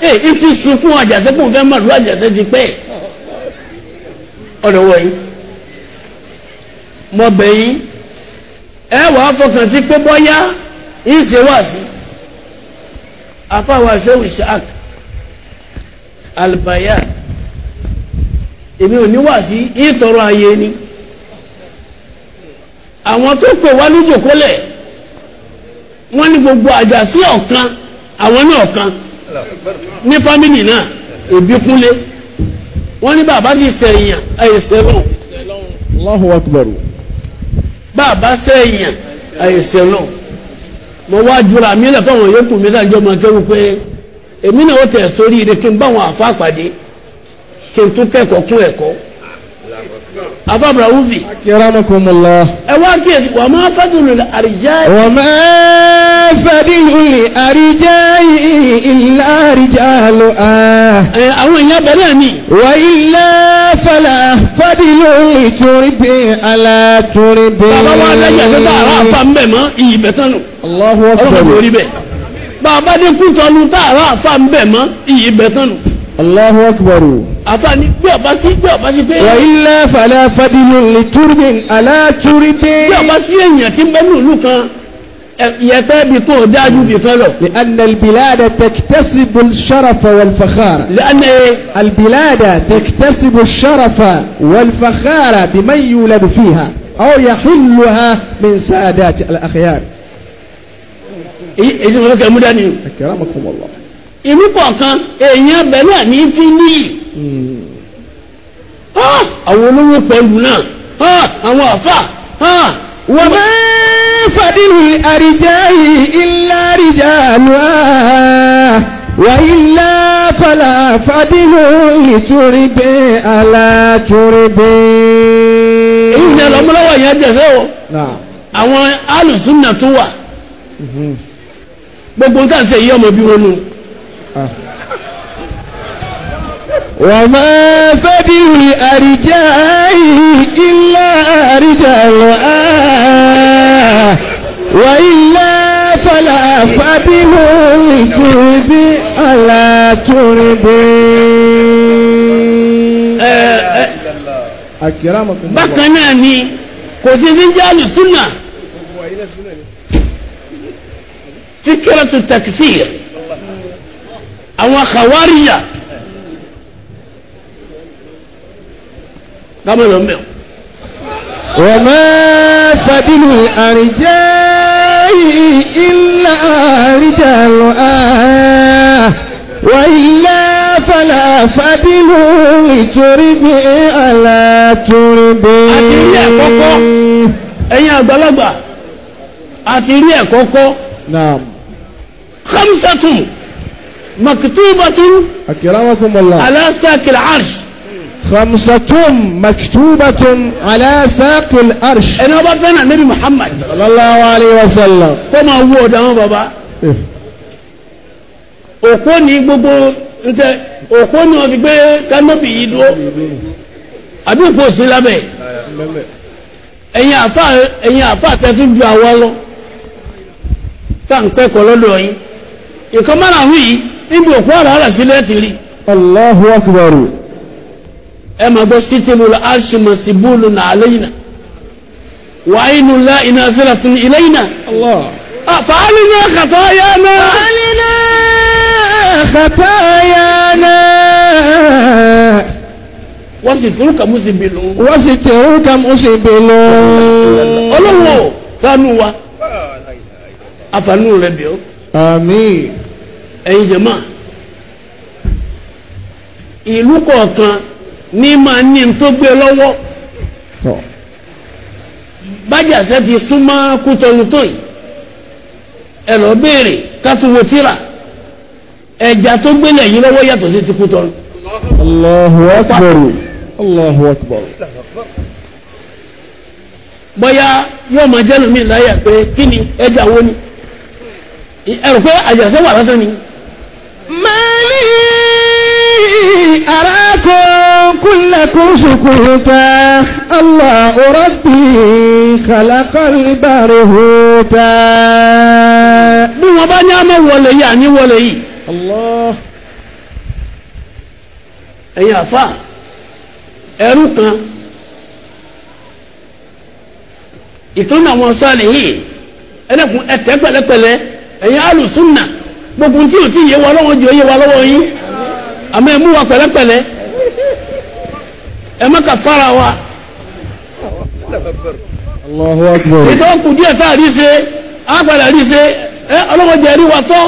ẹ ẹ ti sunkún àjàsẹ́ kó n fẹ́ màlúù àjàsẹ́ ti pẹ́ ọ̀dọ̀ wọ̀nyí mo bẹ̀ yín ẹ wàá fọkàn sí pé bọ́yá yín ṣe wá sí afáwa ṣe wìṣàk alibaya èmi ò ní wá sí yín tọrọ ayé ni àwọn tó pè wá lójókòlẹ̀ wọ́n ní gbogbo àjàsí ọ̀kan àwọn ní ọ̀kan. ní fámìlì náà ebi kúnlé wọn ní bàbá sì sẹ̀yìn àìsẹ̀lọ́n. Allahu Akbar. bàbá sẹ̀yìn àìsẹ̀lọ́n mo wá jura mi lè fáwọn yòókù mi dájọ́ pé èmi náà ó tẹ̀ sórí ire kí n bá wọn àfa pàdé kí n afam raufi. akiramakumula. ẹ wá kíyèsí wà má fadulul arijayi. wà má fadulul arijayi illa arijalu a. ẹ àwọn èèyàn bẹ̀rẹ̀ ni. wà ilẹ̀ fẹlẹ̀ fadulul turibi ala turibi. bàbá wa lẹ́yìn ẹ̀sẹ̀ tó àrà àfa ń bẹ̀ mọ́ iyì tán nù. Allahu akbar. ọlọ́run kò rí bẹ́ẹ̀. bàbá tọ́nu tó àrà àfa ń bẹ̀ mọ́ iyì tán nù. Allahu akbar. وإلا فلا فدل لترب على ترب لأن البلاد تكتسب الشرف والفخار لأن البلاد تكتسب الشرف والفخار بمن يولد فيها أو يحلها من سادات الأخيار كرامكم الله irú kọ̀ọ̀kan èèyàn bẹ̀rù àní fi ní àwọn olówó pẹ̀lú náà àwọn àfà wọ́n bá fàdílì àríjá yìí illa rijalu wà illa fàlà fàdílù ìtúrí bẹ́ alátúrí bẹ́. èyí ni ọlọ́mọlọ́wọ́ yẹn jẹ́sẹ́ o àwọn alùsùn náà tún wà mhm. gbogbo nǹkan ṣe yí ọmọ bí wọn nù wọ́n máa fẹ́ bí àríjà ilá àríjà lọ wà ilá fọlá fàbíwò ìtúribí àlàtúribí. bákan náà ni kò sí ní jáàlù súnà fikiratu takfir àwọn kàwáríyà kámọ́ lọ mẹ́ o. wọ́n máa fàdínú àrìjẹ́ ìlà àríjà lọ wà ilá fàlà fàdínú ìtòrígbé àlàtòrígbé. àti ilé àkọ́kọ́ ẹ̀yin àgbàlagbà àti ilé àkọ́kọ́. naam. khamsatun. مكتوبة أكرمكم الله على ساق العرش خمسة مكتوبة على ساق العرش أنا بفهم النبي محمد صلى الله عليه وسلم كما هو ده بابا òkú ni gbogbo ntẹ òkú ni wọn fi gbé kánópì yìí dúró àbí òkú òsì lábẹ́ ẹ̀yin àfa ẹ̀yin àfa tẹtí ju àwa lọ tá à ń kẹ́kọ̀ọ́ lọ́dọ̀ yín nǹkan márùn-ún yìí níbi òkú àràárà sílẹ̀ ti rí. Allahu akbar. ẹ máa gbọ́ sítìlù aṣèmọ̀ síbúlù nà àlẹ́yìnà wàáyínú ńlá iná sílẹ̀ tún ìlẹ́yìnà. fa'alina khatayana. fa'alina khatayana. wasitiruka musibilu. wasitiruka musibilu. olówó sanu wa afanu rẹ bi o. àmín ẹ̀yin jẹ̀mọ́ ìlú kọ̀ọ̀kan ní máa ní n tó gbé lọ́wọ́ bájàsẹ́ ti súnmọ́ kútọ́nu tó yìí ẹ lọ béèrè kátúwò tíra ẹja tó gbélé yìí lọ́wọ́ yàtọ̀ sí ti kútọ́nu. Allahu akbar Allahu akbar. bóyá yóò máa jẹ́ lómi láyà pé kí ni ẹja wo ni ẹ̀rù pé àjàsẹ́ wà lásán ni. أراكم كلكم سكوتا الله ربي خلق البرهوتا bí wọ́n bá ní àmọ́ wọlé yìí àní wọlé yìí. Allah. ẹ̀yin àfa ẹrú kan ìkan náà wọn sọ nìyí ẹlẹ́kùn ẹ̀tẹ́ pẹ̀lẹ́pẹ̀lẹ́ ẹ̀yin alùsùnà gbogbo tí o ti yé wa lọ́wọ́ ju yé wa lọ́wọ́ yín àmọ́ ẹ mú wa pẹ̀lẹ́pẹ̀lẹ́ ẹ má ka fara wa. Allahu akbar. ètò kù díẹ̀ tá a rí ṣe a padà rí ṣe ẹ ọlọ́wọ́ jẹ́ rí wa tọ́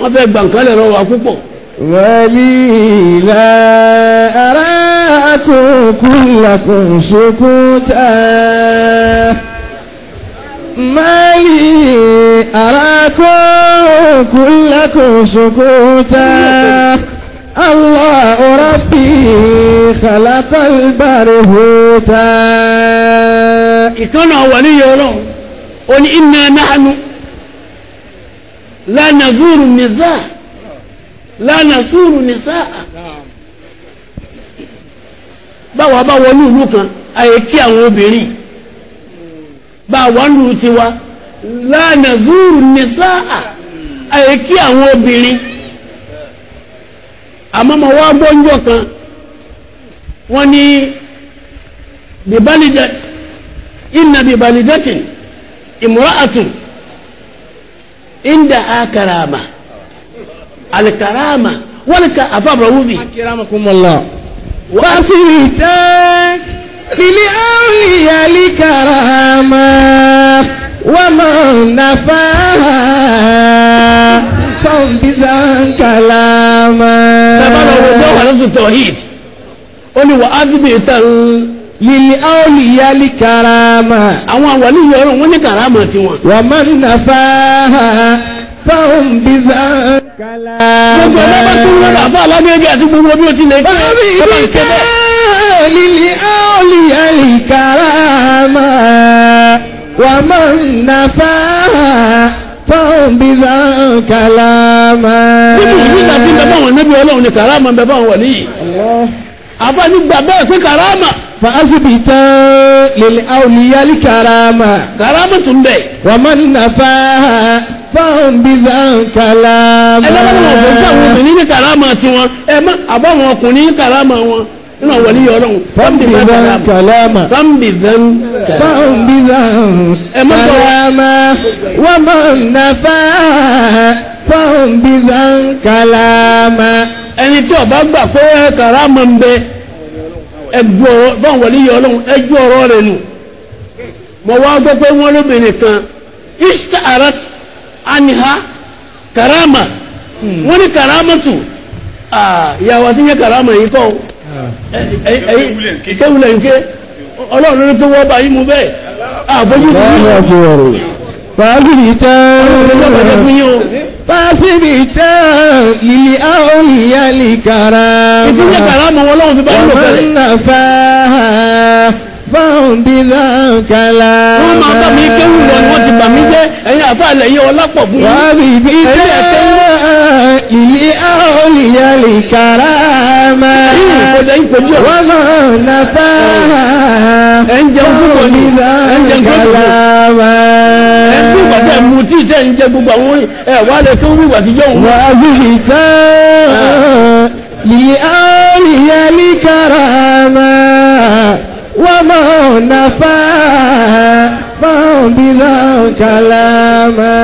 wọ́n fẹ́ gbàǹkan lẹ̀ rọ wa púpọ̀. wàlí ilà ara kò kú làkùn sókúta. ما لي أراكم كلكم سكوتا الله ربي خلق البرهوتا ìkánà wàlíyà ọlọ́run ó ní inna nahnu la nazuru nìsá la nazuru nìsá báwa bá wọnú ìlú kan àyè kí àwọn obìnrin bá a wà nù tiwa lánàá zúrù nìsáà àyè kí àwọn obìnrin àmọ́ mo wá gbọ́njọ́ kan wọ́n ní bibalidat inna bibalidatin imra'atun inda akarama alikarama wọ́n ní ká àfàbọ̀wúbi. akérèmọ́kùnmọ́lá. wọ́n á sì rí i tẹ́ẹ́. للأولياء لكرامة ومن نفاها فانبذا كلاما تبارك الله التوحيد lili aoli yali karama. àwọn àwàlú karama tiwọn. wà kalama. lílì áòlì àlìkàràmà wà mọ̀ nàfà fọ́nbíza kàlámà. nínú ìfúnta tí ń bẹ fáwọn ẹ̀mẹ́bí ọlọ́run ni kàrámà ń bẹ fáwọn wọ̀lí yìí. àfààní gbà bẹ́ẹ̀ pé kàrámà. fàásùbì tán lílì áòlì àlìkàràmà. kàrámà tún bẹ̀. wà mọ̀ nàfà fọ́nbíza kàlámà. ẹ bá wọn wọ̀ fún àwọn obìnrin ní kàrámà tiwọn ẹ má àbáwọn ọkùnrin ní kàrámà wọn nínú àwọn wọlé ọlọ́run. fọ́nbìdán kàlámà. fọ́nbìdán kàlámà. fọ́nbìdán kàlámà. wọ́n mọ̀ nàfà fọ́nbìdán kàlámà. ẹni tí ọba gbà pé kàrámà ń bẹ ẹjú ọ̀rọ̀ fọ́n wọlé ọlọ́run ẹjú ọ̀rọ̀ rẹ̀ nù. mo wá gbọ́ pé wọ́n lóbìnrin kan istarat aniha kàrámà hmm. wọ́n ní kàrámà tù ah, ìyàwó àti yẹn kàrámà yìí kọ́ ìkéwulẹ̀ nké ọlọ́run ló tó wọ́ bá yín mu bẹ́ẹ̀ àfojú mi. fàájì mi tán fàájì mi tán ìlì àwọn ìyá lè kàrà. ìtúnyẹ kàrà mọ̀ lọ́wọ́ fi bá yín lò kẹ́lẹ́. wọ́n náà fà á fáwọn bí náà kàlà. wọ́n máa bá mi kéwù lọ ni wọ́n ti bà mí jẹ́ ẹ̀yin àfàlẹ̀ yẹn ọlápọ̀ fún mi. wàá bí bí dẹ́ ìlí àwòlíyàlì kàràmà. ìkọjá ìkọjú ọ̀. wọ́n máa nà fà. ẹ ń jẹun púpọ̀ ní ẹ ń jẹun púpọ̀. ẹ ń bí bàtà mu tí tẹ̀ ń jẹ gbogbo àwọn ẹ̀ wà lẹ̀ kéwù bí bàtà jọ̀ wàá bí bí tán ìlí àwòlíyàlì kàràmà. وما نفع fáwọnbílá kàlámà.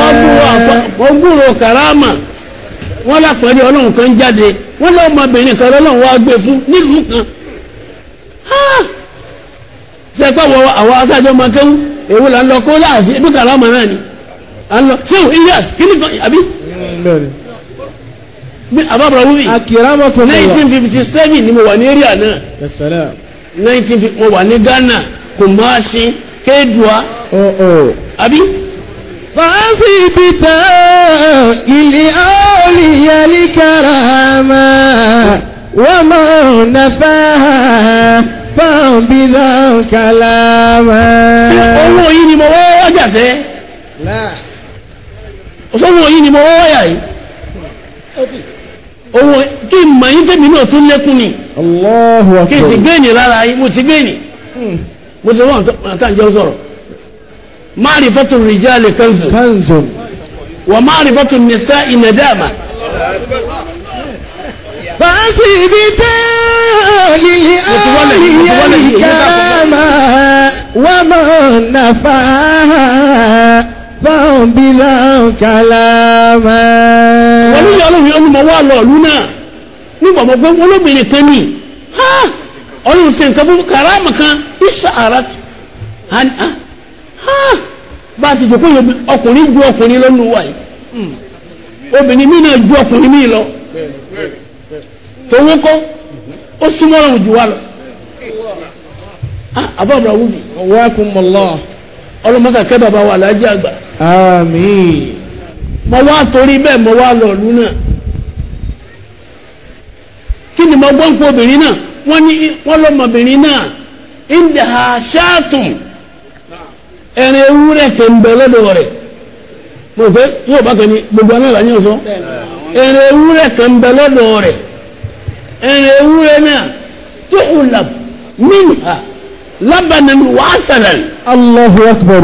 ó ní mo wá gbúrò àfa mo gbúrò kàrámà wọn lápẹẹrẹ ọlọ́run kan jáde wọn lọ ọmọbìnrin kan lọ́lọ́run wá gbé fún nílùú kan ṣe pé àwọn àwọn adájọ máa kéwú èwo là ń lọ kó láàfin ebi kàrámà náà ni à ń lọ ṣéwù ilias kíni kan àbí. mi àbábọ̀ nineteen fifty seven ni mo wà ní area náà nineteen fifty mo wà ní Ghana Kumasi Kedua. àbí. fàásì ìbìtà ìlì àwòlíyàlì karama wọ́n máa ń nafa fáwọn bídà kalama. ṣé owó yìí ni mo wọ́ wájà sẹ́? ọ̀sán owó yìí ni mo wọ́ wáyà yìí owó kí n mọ̀ yín tẹ̀mí náà tún lékún ni kí n sì gbẹ̀yìn lára yín mo ti gbẹ̀yìn hmm. mo ti wọ́n àtàjọ sọ̀rọ̀ ma'rifatu rijali kanzun wa ma'rifatu nisa'i nadama. Fàásì ibi tẹ́ lílì àlìyàn ìkàmà wà mọ̀ nàfà fáwọn bílọ̀ kàlámà oníyà ọlọ́run ọlọ́run mọ̀ wá lọ ìlú náà nígbà mọ̀ pé olóbìnrin kan ní ọlọ́run ṣe nǹkan fún kàràmù kan isa arat bá a ti jòkó yẹn ọkùnrin ju ọkùnrin lọ́nu wa yìí hmm. obìnrin mi náà ju ọkùnrin mi lọ tòun ó súnmọ́ ọ̀run jù wá lọ àfọ àbúrò awúbi. ọwọ́ ẹkùn mọ̀lá. bàbá wa làájì àgbà. àmín mo wá torí bẹ́ẹ̀ mo wá lọ ìlú náà kí ni mo gbọ́ ń pọ̀ obìnrin náà wọ́n ní wọ́n lọ́mọbìnrin náà ìdá ṣáàtùm ẹ̀rìn ewúrẹ́ tẹ̀ ń bẹ lọ́dọ̀ rẹ̀ mo fẹ́ yóò bá kan ní gbogbo anáàlá yẹn sọ ẹ̀rìn ewúrẹ́ tẹ̀ ń bẹ lọ́dọ̀ rẹ̀ ẹ̀rìn ewúrẹ́ náà tó o là mímà lábàánu wàásàlẹ̀. Allahu akbar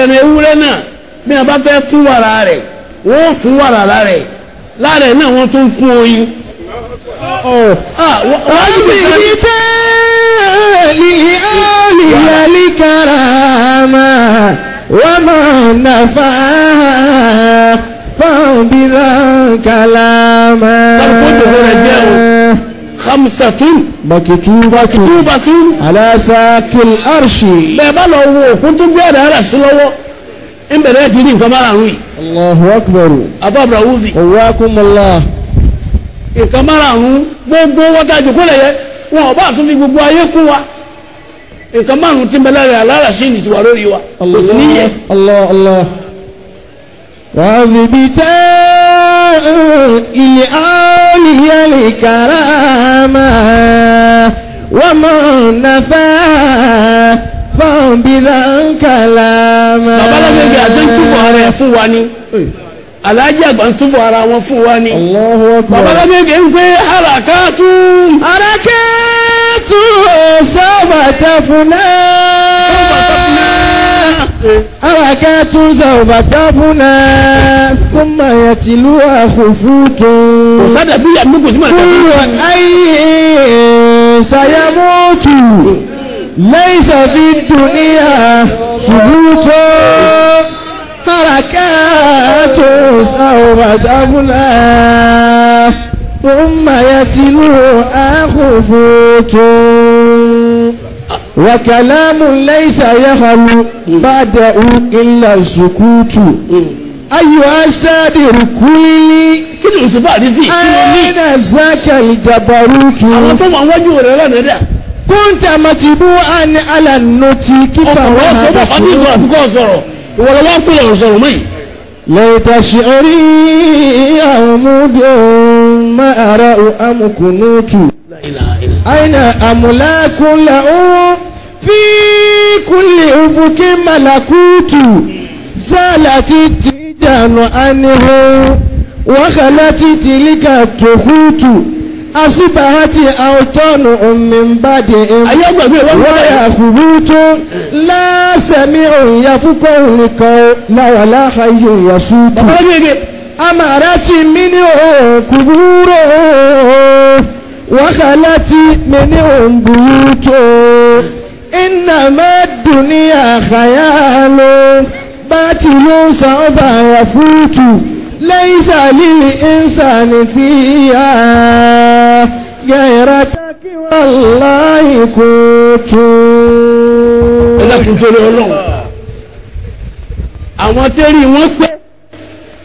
ẹ̀rìn ewúrẹ́ náà bí a bá fẹ́ fún wàrà rẹ̀ wọ́n fún wàrà rẹ̀ lára ẹ̀ náà wọ́n tún fún oyin. Oh. Ah, wọ́n sì ní bẹ́ẹ̀lì àlìyálì karama wọ́n máa nà fà á fáwọn bí kalama. tàbí kó tòun rẹ̀ jẹ́ o. خمسة مكتوبة مكتوبة على ساق الأرش. bẹ́ẹ̀ bá lọ wo òkun tó gbé ẹ̀rẹ́ rẹ̀ sí lọ́wọ́ ń bẹ̀rẹ̀ sí ní nǹkan márààrún yìí. Allahu akbar. abab rawufi. ọwọ́kùnmọ́lá. nǹkan márààrún gbogbo wọ́tá ìjòkó yẹ wọn ọba àtún fi gbogbo ayé kún wa nǹkan márùn tí mẹlẹ rẹ alára sí ni tiwa lórí wa kò sì ní yẹ. Allah Allah. wàhálìbìtẹ́ ilé àlìyẹ́lì kàràmà wọ́n mọ̀ nàfẹ́ fáwọn bí náà ń kàlà máa. bàbá alágbègbè àti túfọ̀ ara ẹ̀ fún wa ni aláàjì àgbà ń túfọ̀ ara wọn fún wa ni. bàbá alágbègbè ń pé harakatu. harakatu sọ́bàtà fúnná. harakatu sọ́bàtà fúnná. kọ́mà yà tìlú àfòfútó. kò sádà bí yàgbé kò sí màdà. kúrò ayé ṣàyàmótù. ليس في الدنيا ثبوت حركات سوف تبلى ثم يتلو أخفوت وكلام ليس يخلو بعده إلا السكوت أيها السادر كلي kí ni ìsìnbá àdìsí. ẹ̀ẹ́dẹ̀gbẹ́kẹ̀ ìjàmbá rútu. àwọn tó kúntà màjìbú àní alànàtì kíkà wọn àgbà fún mi. ọkọ̀ ọkọ̀ sọ̀rọ̀ ìwọ̀lọ̀ wá fún ọ̀rọ̀ sọ̀rọ̀ mọ́yì. lẹ́yìntà ṣẹ́rí àwọn múdò má ara amukùnútù. àyìnà àmúlákùnlà ó fi kúnlẹ̀ òbúkí màlàkùtù sálà títí dànù ánìhó wákàlá títí líkà tòkútù asibahati awutọnu omimbadi waya kubutu laasẹmi oyafukọ onikawo lawala hayu yasutu amarati mini o kuburo wakalati mini o buyuto inama duniya khayalo batilu sanba yafutu laisa lili insani fiya gẹ̀rẹ́tẹ́kì wà láì kò tó. ẹlẹ́kùn tó lé ọlọ́run àwọn tẹ́rì wọ́n pé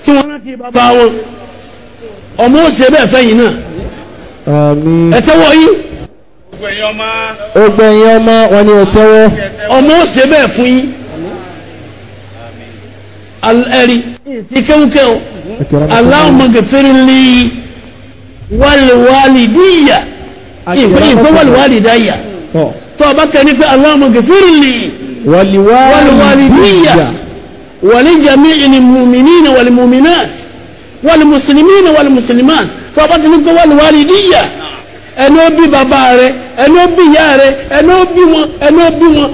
tí wọ́n rántí bàbá wọn ọmọ òsè bẹ́ẹ̀ fẹ́yìn náà ẹ tẹ́wọ́ yín ògbẹ̀yìn ọmọ wọn ni ẹ tẹ́wọ́ ọmọ òsè bẹ́ẹ̀ fún yín ẹ̀rí ìsìkéwúkéwú Allahumma ghfirli wàlúwàlìdíyà ìpín wàlúwàlìdáyà tó bá kẹ́ ní pé Allahumma gafirli wàlúwàlìdíyà walijami'il mu'minina wal mu'minat wal muslimina wal muslimat tó bá ti ní pé wàlúwàlìdíyà ẹni ó bí bàbá rẹ ẹni ó bí ìyá rẹ ẹni ó bí wọn ẹni ó bí wọn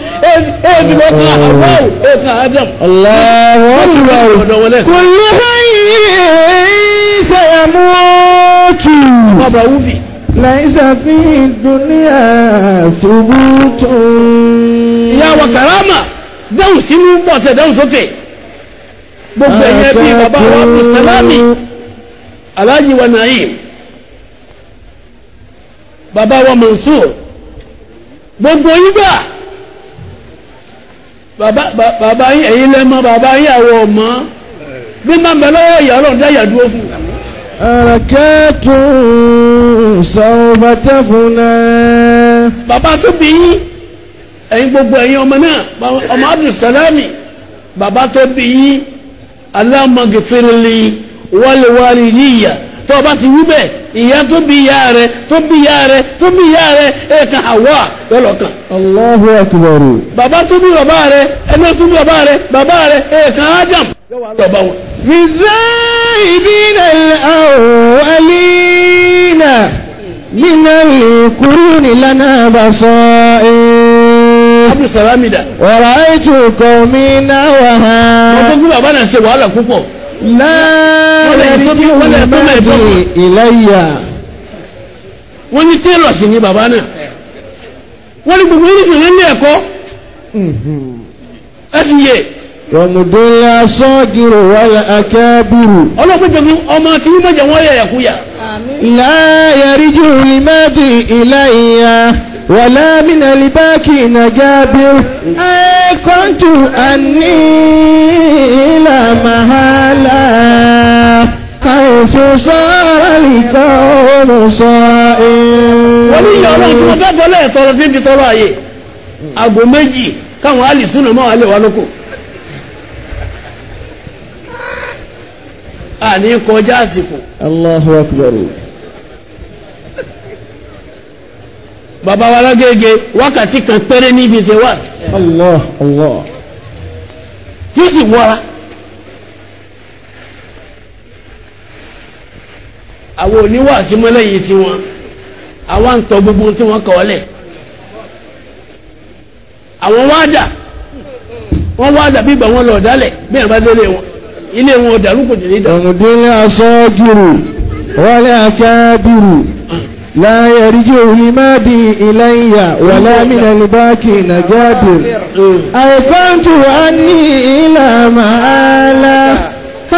ẹbí wọn kan àbáwò ẹka Adam. Allahu Akbar kò ní báyìí. سيموت ليس في الدنيا ثبوت يا karama, dáhùn sínú bọ̀ tẹ̀ dáhùn sókè gbogbo ẹ̀yẹ bíi bàbá wa abdulsalami alhaji wa naim bàbá wa mansour gbogbo yín gbà bàbá yín ẹ̀yin lẹ́mọ bàbá yín àwọn ọmọ bí máa ń bẹ lọ́wọ́ ìyá ọlọ́run dáyà dúró fún un àràkẹ́tù sọ̀bàtẹ́ fúnà. bàbá tó bí yín ẹ̀yin gbogbo ẹ̀yin ọmọ náà ọmọ abdulsalami bàbá tó bí yín alámọ̀gẹ́fẹ́rẹ́lẹ́ wàlúwàlú yíyà tó o bá ti wí bẹ́ẹ̀ ìyá tó bí ìyá rẹ tó bí ìyá rẹ tó bí ìyá rẹ ẹ̀ka àwọ̀ lọ́lọ́kan. Allahu Akbar. bàbá tó bí bàbá rẹ ẹni tó bí bàbá rẹ bàbá rẹ ẹ̀ka Adam. lọ́ba wọn. mizayidina awalina mina kúrúni lana basair. abu salamida. wàrà ètò kọ́mínà wàhán. wọ́n tó kí bàbá náà ṣe wàhálà púpọ̀. náà wọ́n lè ní tẹ́lọ̀ sí ni bàbá náà wọ́n ní gbogbo oníṣẹ́ ní ilé ẹ̀kọ́ ẹ yẹ. rọmùdúnlá sọ́ọ̀gìrò wáyà akẹ́bùrù. ọlọ́pàá jẹ̀kú ọmọ tí wọ́n mọ̀jẹ̀ wọ́n yẹ̀ ẹ̀kú yà. láyà ríjú ìmẹ́dì ìlàyà wàlá mìnà libákì nàgábìr. ẹ kọ́ńtù àní ìlà màhálà àìsù sáàlìkà ọ̀rùn sọ wọ́n ní ìyá ọlọ́run tí wọ́n fẹ́ tọ́lọ́ ẹ̀ tọrọ tí ń fi tọrọ àyè àgbo méjì káwọn alìsúnà máa lè wá lóko. àní kọjá àsìkò. Allahu akbar. bàbá wa lágége wákàtí kan péré níbi ṣe wá. Allah Allah. tí sì wọra. àwọn oníwàásí mọ́lẹ́yìn tiwọn àwọn ń gbogbo tí wọ́n kọ́ lẹ̀ àwọn wá wọ́n wá bí ìgbà wọn lọ dálẹ̀ bí ẹ̀ bá délé wọn ilé wọn dàrú kò tẹ̀lé dà. ọ̀mùdílé asọ́gìrù wọlé akẹ́bìrù láyé ríjì òní má bí iláyà wàlá hmm. ní ìlànà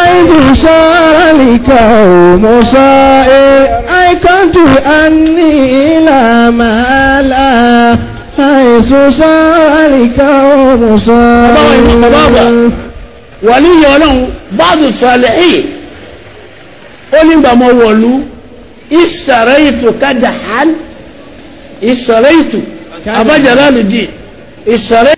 حيث صار الكوم صائر أيقنت أني إلى ما لا حيث صار الكوم صائر wàlíyìn ọlọ́run báàdù sàlẹ̀hì ó nígbà mọ wọ̀lú ìsàrẹ́ ètò kájà hàn ìsàrẹ́ ètò àbájára lòdì ìsàrẹ́.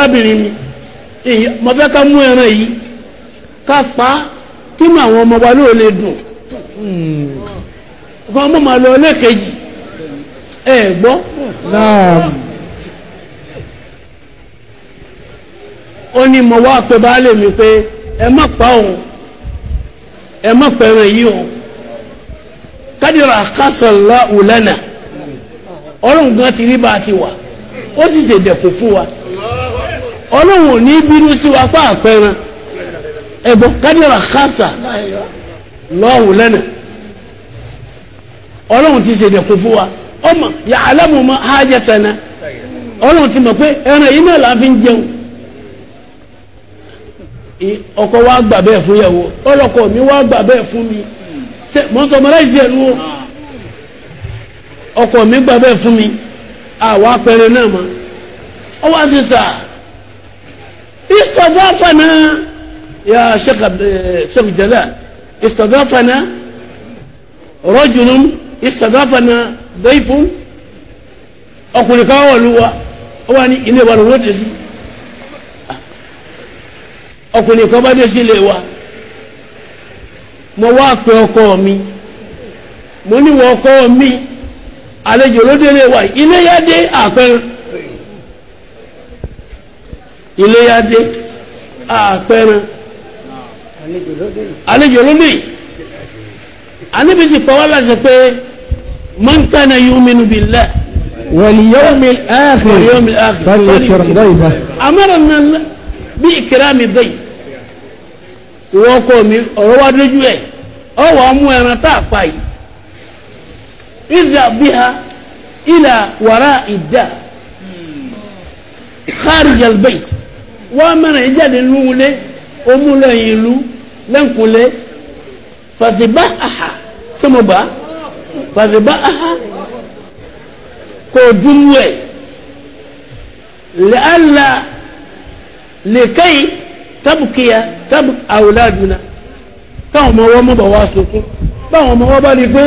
arábìnrin mi èyí mo fẹ́ ká mú ẹran yìí ká pa á kí mú àwọn ọmọ wa lóò lè dùn kọ́ hmm. mọ́ máa lọ lẹ́ẹ̀kejì ẹ gbọ́. ó ní mo wá pé baálé mi pé ẹ má pa òun ẹ má pa ẹran yìí o kádìrà kásánlá òlànà ọlọ́run gan ti rí bá a ti wà ó sì ṣèdẹ̀kùn fún wa. ọlọ́wọ̀n ní bínú sí wa pa àpẹran ẹ̀bọ kádìrà kásà lọ́wọ́ lẹ́nà ọlọ́wọ̀n ti ṣèdẹ̀kùn fún wa ọmọ yà alámùmọ́ hájẹtẹ̀nà ọlọ́wọ̀n ti mọ̀ pé ẹran yìí náà la fi ń jẹun ọkọ wa gbà bẹ́ẹ̀ fún yàwó ọlọ́kọ mi wa gbà bẹ́ẹ̀ fún mi mọ̀nsọ̀mọ́láìsì ẹ̀nu o ọkọ mi gbà bẹ́ẹ̀ fún mi àwa apẹ̀rẹ̀ náà mọ̀ ọ wá استضافنا يا شيخ شيخ جلال استضافنا رجل استضافنا ضيف ọkùnrin kan wọ̀ ló wa ó wà ní ilé wa lòun ó dé sí ọkùnrin kan bá dé sí ilé wa mo wá pe ọkọ mi mo iléyàdé àpẹẹrẹ àlejò lóde àníbísí pàwọ́ láṣẹ pé mọ́ńtánà yu'minu billah. واليوم الآخر واليوم الآخر فليكرم ضيفه أمرنا بإكرام الضيف وقومي ọ̀rọ̀ wa dojú ẹ̀ ọwọ́ ọmú ẹran tá a pa yìí ìzà bíha ìlà wàrà ìdá kárìjà bẹ́ẹ̀ wọ́n mẹ́rin jáde núwulé omúlẹ̀yìn ìlú lẹ́ǹkulé fàtìbá àhà sọmọba fàtìbá àhà kò dúró ẹ̀ lẹ́àlá lẹ́kẹ́yì tábùkìyà tábù àwòládùnà káwọn ọmọ wọn mọ̀ wá sunkún báwọn ọmọ wọn bá rí pé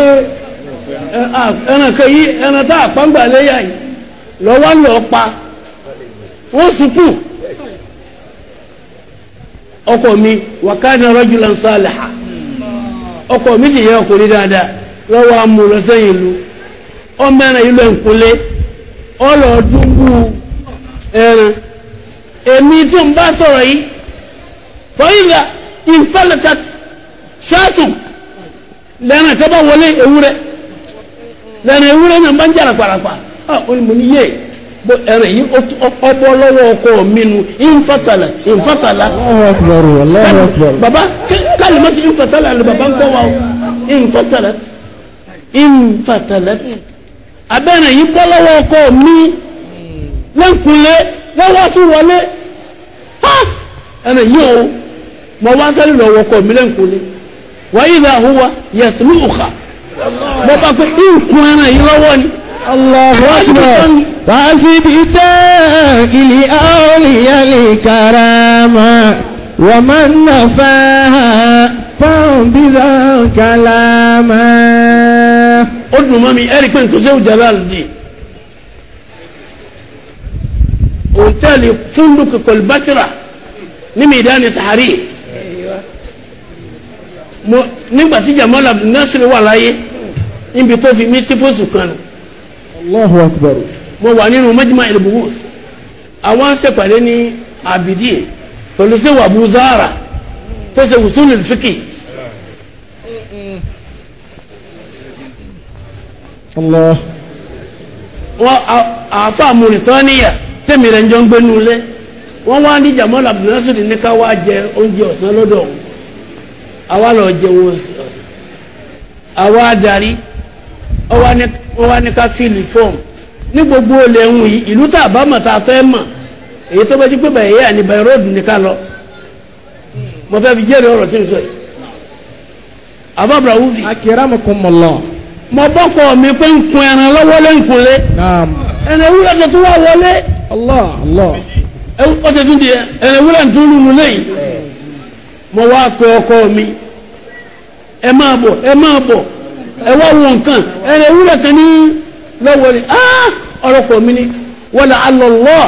ẹran kan ẹran tá a pa ń yìí lọ́wọ́ lọ́ọ́ pa wọ́n sunkún ọkọ mi wakana rajulan salaha ọkọ mi sì yẹ ọkùnrin dáadáa lọ́wọ́ amú lọ sẹ́yìn ìlú ọmọọ̀nà ìlú ẹ̀ǹkulé ọlọ́ọ̀dúnbù ẹ̀rìn èmi tí n bá sọ̀rọ̀ yìí fọ́yìnlá ìfọ́lẹ́tà ṣáàtùn lẹ́nu àtẹ́bá wọlé ewúrẹ́ lẹ́nu ewúrẹ́ náà bá ń jà ràpàràpà ọ̀ ah, ọ́ ni mo ní yé e ẹran yìí ọbọ lọ́wọ́ ọkọ mi nu ìnfatala ìnfatala. baba kalimati ìnfatala ni baba ń kọ́ wa o ìnfatala ìnfatala abẹ́rẹ́ yìí bọ́ lọ́wọ́ ọkọ mi lẹ́kùnlé lọ́wọ́ tún wọlé ẹran yìí o mọ wá sẹ́lẹ̀ lọ́wọ́ ọkọ mi lẹ́kùnlé wáyé ìlà àhúwa yẹ̀sìn mi ò kà mọ bá pé ìnkùn ẹran yìí lọ́wọ́ ni. Allahu akbar fásibítà ìlì àwòlíyàlì karama wà máa ń nà fáhà fáwọn bíbá kalama. ó dùn mọ́ mi ẹ̀rí pé nǹkan sẹ́wọ̀n jàrá àlùdí. òun tẹ́lẹ̀ fúnlùkù kọlbátìrà ní mìdánì tàárí nígbàtí jamal abdul nasir wà láyé níbi tó fi mí sífòsù kan nù. Allahu akbar. mo wà nínú majma ilbuhus àwọn sèpàdé ní abidin pẹ̀lú sèwà Abu Zara tó ṣe usulul fiqh. Allah. wọ́n àáfàá Mauritania tẹ̀mí ń jọ ń gbénu lé wọ́n wá ní Jamal Abdul ní ká wá jẹ oúnjẹ ọ̀sán lọ́dọ̀ òun àwa lọ jẹun ọ̀sán àwa darí ọwa ní wọ́n wá ní ká fíìlì fọ́ọ̀mù ní gbogbo olè ń wí ìlú tá a bá mọ̀ tá a fẹ́ mọ̀ èyí tó bá jí pé bẹ̀yẹ àní bẹ̀yẹ róòdù ní ká lọ mo fẹ́ fi jẹ́rìí ọ̀rọ̀ tí n sọ yìí ababra wufi. akramakumullah. mo bọ́kọ̀ mi pé ń kun ẹran lọ́wọ́ lé ń kun ewúrẹ́ ṣe tún wá wọlé. Allah Allah. ó ṣe tún di ẹ ẹnì ewúrẹ́ ń tún lùmù lẹ́yìn. mo wá pe ọkọ mi ẹ máa bọ̀ ẹ máa bọ̀ ẹ wá wọn nǹkan ẹnì ewúrẹ́ kan ní lọ́wọ́ rẹ̀ ah ọ̀rọ̀ pọ̀ mi ni wala alọ́lọ́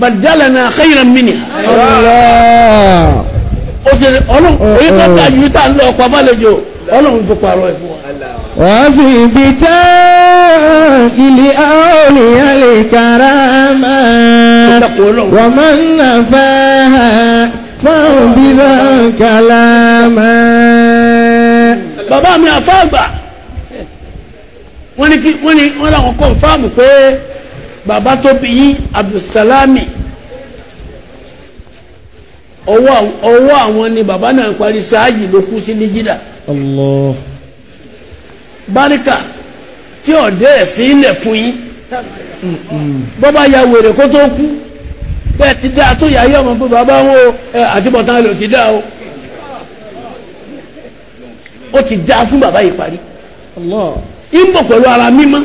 badalana khayran minha. o ṣe ọlọ́run oye ká ta ju ta lọ ọ̀pọ̀ abálẹ̀jọ ọlọ́run tó parọ́ ẹ̀ fún wa. وفي بتاك لأولياء الكرامة ومن نفاها فهو بذا كلاما بابا من أفاق wọ́n ní kí wọ́n ní wọ́n làwọn kọ́nfàmù pé bàbá tó bí yín Abdulsalami ọwọ́ àwọn ni bàbá náà parí sáàyì ló kú sí ní jìdá. Allah. báríkà tí ọ̀dẹ́ ẹ̀ sí ilẹ̀ fún yín bọ́bá ya wèrè kó tó kú bẹ́ẹ̀ ti dáa tó yà yọ̀ mọ́ pé bàbá wọn ẹ àtibọ̀tán lè ti dáa o ó ti dáa fún bàbá yìí parí. Allah. ń bọ̀ pẹ̀lú ara mímọ́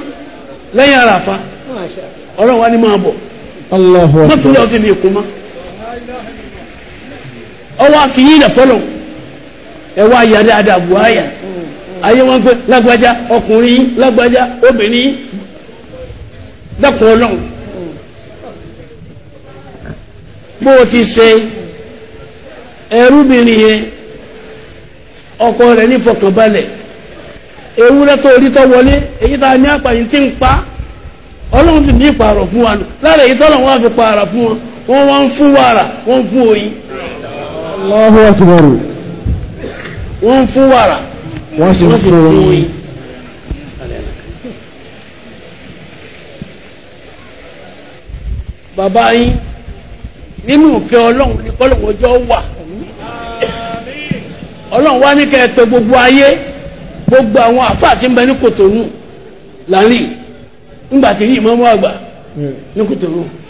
lẹ́yìn fa ọ̀rọ̀ wa ni máa bọ̀ mọ́tò lọ́ọ́ ti ní ìkún mọ́ na fọlọ ẹ wá ya dáadáa bu aya ayé wọn ọkùnrin yín obìnrin yín dákun bó o ti ṣe ewúrẹ́ tó rí tó wọlé èyí tá a ní àpàyìn tí ń pa ọlọ́run sì ní ìpààrọ̀ fún wa lára èyí tọ́lọ̀ wọn fi pààrà fún wọn wọ́n wá ń fún wàrà wọ́n ń fún oyin. Allahu ń fún gbogbo ayé. gbogbo àwọn àfáà tí ń bẹ ní Kòtònú là ń rí nígbà tí ní ìmọ̀ọ́mọ́ àgbà ní Kòtònú.